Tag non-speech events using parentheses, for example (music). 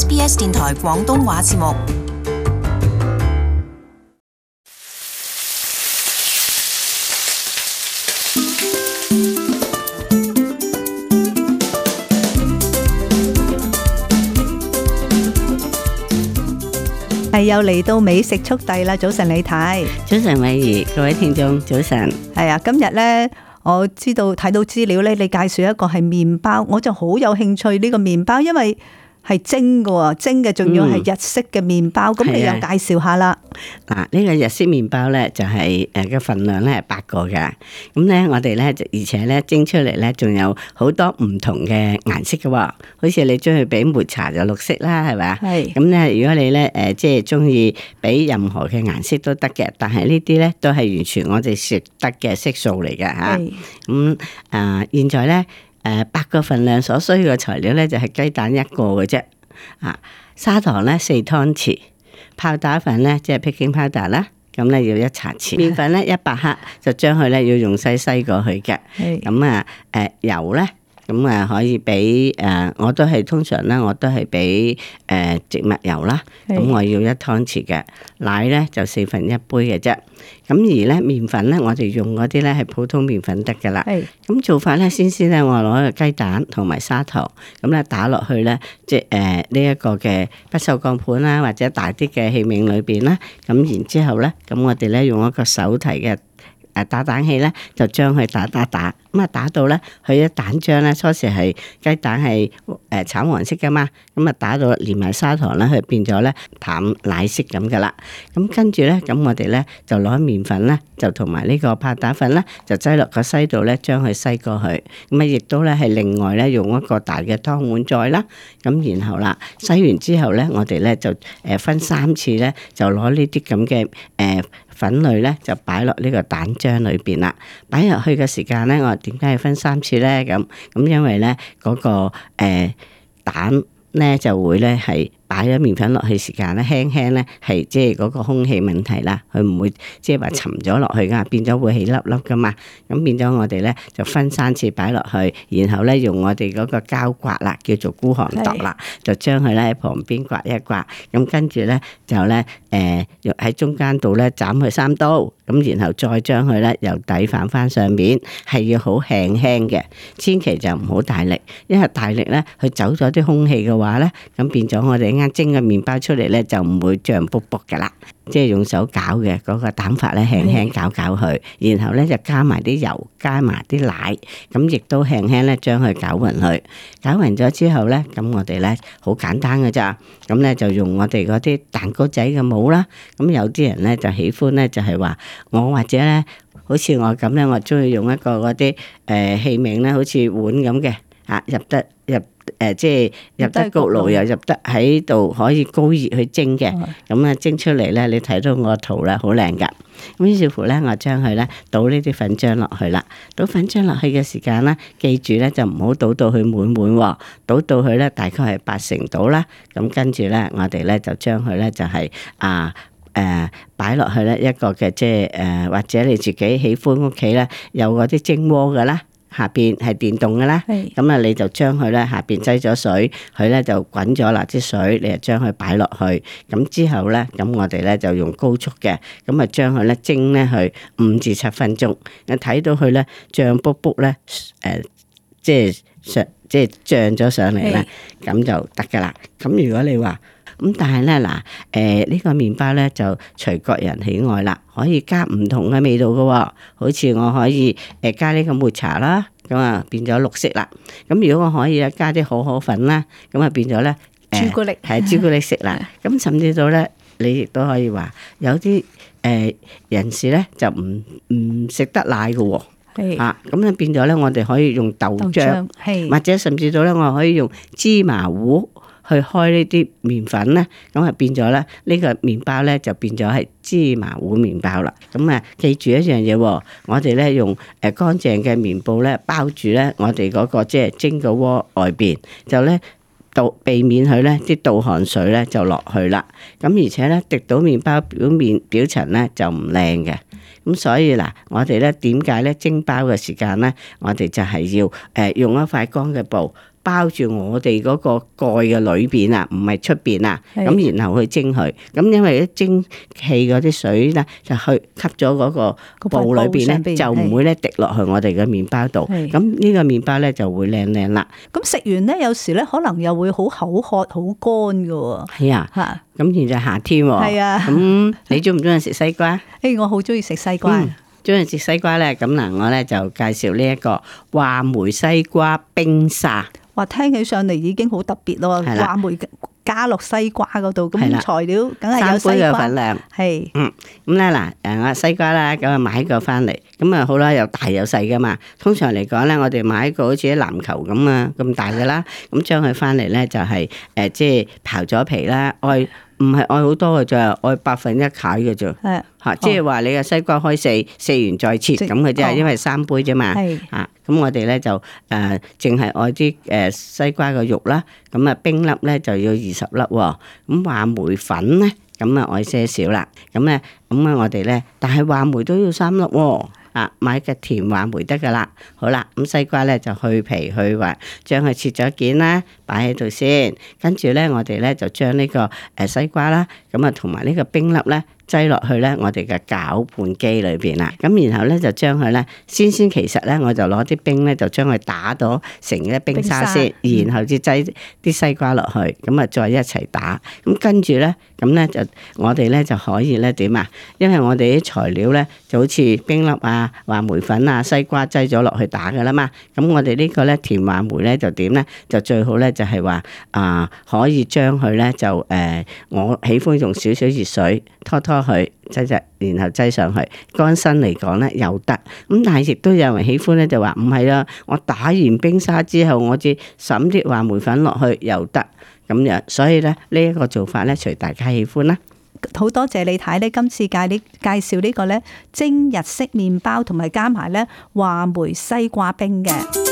SBS 電台廣東話節目係又嚟到美食速遞啦！早晨李太，早晨美儀，各位聽眾早晨。係啊，今日咧，我知道睇到資料咧，你介紹一個係麵包，我就好有興趣呢個麵包，因為。係蒸嘅，蒸嘅仲要係日式嘅麵包，咁、嗯、你又介紹下啦。嗱、嗯、呢、這個日式麵包咧就係誒嘅份量咧係八個嘅，咁、嗯、咧我哋咧而且咧蒸出嚟咧仲有好多唔同嘅顏色嘅，好似你中意俾抹茶就綠色啦，係咪？係咁咧。如果你咧誒、呃、即係中意俾任何嘅顏色都得嘅，但係呢啲咧都係完全我哋食得嘅色素嚟嘅吓。咁誒是、嗯、呃、現在咧。誒、呃、八個份量所需嘅材料咧，就係、是、雞蛋一個嘅啫，啊砂糖咧四湯匙，泡打粉咧即係、就是、baking powder 啦，咁咧要一茶匙，麵 (laughs) 粉咧一百克，就將佢咧要用篩篩過去嘅，咁 (laughs) 啊誒、呃、油咧。咁啊、嗯，可以俾誒、呃，我都係通常咧，我都係俾誒植物油啦。咁是我要一湯匙嘅奶咧，就四分一杯嘅啫。咁而咧，麵粉咧，我哋用嗰啲咧係普通麵粉得噶啦。咁是做法咧，先先咧，我攞個雞蛋同埋砂糖，咁咧打落去咧，即係誒呢一個嘅不鏽鋼盤啦、啊，或者大啲嘅器皿裏邊啦。咁然之後咧，咁我哋咧用一個手提嘅。誒打蛋器咧，就將佢打打打，咁啊打到咧，佢啲蛋漿咧初時係雞蛋係誒橙黃色噶嘛，咁啊打到連埋砂糖咧，佢變咗咧淡奶色咁噶啦。咁跟住咧，咁我哋咧就攞麵粉咧，就同埋呢個拍打粉咧，就擠落個篩度咧，將佢篩過去。咁啊，亦都咧係另外咧用一個大嘅湯碗再啦。咁然後啦，篩完之後咧，我哋咧就誒分三次咧，就攞呢啲咁嘅誒。粉類咧就擺落呢個蛋漿裏邊啦，擺入去嘅時間咧，我點解要分三次咧？咁咁因為咧嗰、那個誒、呃、蛋咧就會咧係。擺咗麵粉落去，時間咧輕輕咧係即係嗰個空氣問題啦，佢唔會即係話沉咗落去噶，變咗會起粒粒噶嘛。咁變咗我哋咧就分三次擺落去，然後咧用我哋嗰個膠刮啦，叫做孤寒度啦，就將佢咧喺旁邊刮一刮。咁跟住咧就咧誒喺中間度咧斬去三刀，咁然後再將佢咧由底反翻上面，係要好輕輕嘅，千祈就唔好大力，因為大力咧佢走咗啲空氣嘅話咧，咁變咗我哋。蒸嘅麵包出嚟咧就唔會脹卜卜噶啦，即係用手攪嘅嗰個蛋法咧，輕輕攪攪佢，然後咧就加埋啲油，加埋啲奶，咁亦都輕輕咧將佢攪匀去，攪匀咗之後咧，咁我哋咧好簡單噶咋，咁咧就用我哋嗰啲蛋糕仔嘅模啦，咁有啲人咧就喜歡咧就係話我或者咧，好似我咁咧，我中意用一個嗰啲誒器皿咧，好似碗咁嘅啊，入得入誒，即係入得焗爐，又入得喺度，可以高熱去蒸嘅。咁啊、嗯，樣蒸出嚟咧，你睇到我個圖啦，好靚噶。咁於是乎咧，我將佢咧倒呢啲粉漿落去啦。倒粉漿落去嘅時間咧，記住咧就唔好倒到去滿滿喎，倒到去咧大概係八成度啦。咁跟住咧，我哋咧就將佢咧就係、是、啊誒擺落去咧一個嘅即係誒或者你自己喜歡屋企咧有嗰啲蒸鍋㗎啦。下邊係電動嘅啦，咁啊是你就將佢咧下邊擠咗水，佢咧就滾咗啦，啲水你就將佢擺落去，咁之後咧，咁我哋咧就用高速嘅，咁啊將佢咧蒸咧去五至七分鐘，你睇到佢咧脹卜卜咧，誒、呃，即係上即係脹咗上嚟咧，咁是就得噶啦。咁如果你話，咁但係咧嗱，誒、呃這個、呢個麵包咧就隨各人喜愛啦，可以加唔同嘅味道㗎、哦，好似我可以誒加啲個抹茶啦，咁啊變咗綠色啦。咁如果我可以啊加啲可可粉啦，咁啊變咗咧，朱古力係朱古力色啦。咁甚至到咧，你亦都可以話有啲誒、呃、人士咧就唔唔食得奶㗎喎、哦，咁是啊就變咗咧，我哋可以用豆漿，豆或者甚至到咧我可以用芝麻糊。去開呢啲麵粉咧，咁啊變咗咧，呢個麵包咧就變咗係芝麻糊麵包啦。咁啊，記住一樣嘢，我哋咧用誒乾淨嘅麵布咧包住咧我哋嗰、那個即係、就是、蒸嘅鍋外邊，就咧杜避免佢咧啲倒汗水咧就落去啦。咁而且咧滴到麵包表面表層咧就唔靚嘅。咁所以嗱，我哋咧點解咧蒸包嘅時間咧，我哋就係要誒、呃、用一塊乾嘅布。包住我哋嗰個蓋嘅裏邊啊，唔係出邊啊，咁是然後去蒸佢。咁因為啲蒸汽嗰啲水咧就去吸咗嗰個布裏邊咧，就唔會咧滴落去我哋嘅麵包度。咁呢是個麵包咧就會靚靚啦。咁食完咧，有時咧可能又會好口渴、好乾㗎喎。係啊，咁現在夏天喎。係啊，咁、嗯、你中唔中意食西瓜？誒、哎，我好中意食西瓜。中意食西瓜咧，咁嗱，我咧就介紹呢一個話梅西瓜冰沙。話聽起上嚟，已經好特別咯，話的梅加落西瓜嗰度，咁的材料梗係有西瓜。分量，係是嗯咁咧嗱，誒，我西瓜啦，咁啊買一個翻嚟，咁啊好啦，又大又細噶嘛。通常嚟講咧，我哋買一個好似啲籃球咁啊咁大噶啦，咁將佢翻嚟咧就係、是、誒、呃，即係刨咗皮啦，開。唔係愛好多嘅，就係愛百分一解嘅啫。係嚇，即係話你嘅西瓜開四，四完再切咁嘅啫，因為三杯啫嘛。係咁的、啊、我哋咧就誒，淨、呃、係愛啲誒西瓜嘅肉啦。咁啊，冰粒咧就要二十粒喎、哦。咁話梅粉咧，咁啊愛些少啦。咁咧，咁啊我哋咧，但係話梅都要三粒喎、哦。啊！買個甜話梅得㗎啦，好啦，咁西瓜呢就去皮去核，將佢切咗件啦，擺喺度先。跟住呢，我哋呢就將呢個西瓜啦。咁啊，同埋呢個冰粒咧，擠落去咧，我哋嘅攪拌機裏邊啦。咁然後咧，就將佢咧，先先其實咧，我就攞啲冰咧，就將佢打到成一冰沙先沙，然後至擠啲西瓜落去，咁啊，再一齊打。咁跟住咧，咁咧就我哋咧就可以咧點啊？因為我哋啲材料咧就好似冰粒啊、話梅粉啊、西瓜擠咗落去打噶啦嘛。咁我哋呢個咧甜話梅咧就點咧？就最好咧就係話啊，可以將佢咧就誒、呃、我喜歡。用少少熱水拖拖佢擠擠，然後擠上去乾身嚟講呢，又得咁，但係亦都有人喜歡呢，就話唔係啦，我打完冰沙之後，我至灑啲話梅粉落去又得咁樣，所以呢，呢一個做法呢，隨大家喜歡啦。好多謝李太呢，今次介呢介紹呢個呢，蒸日式麵包，同埋加埋呢話梅西瓜冰嘅。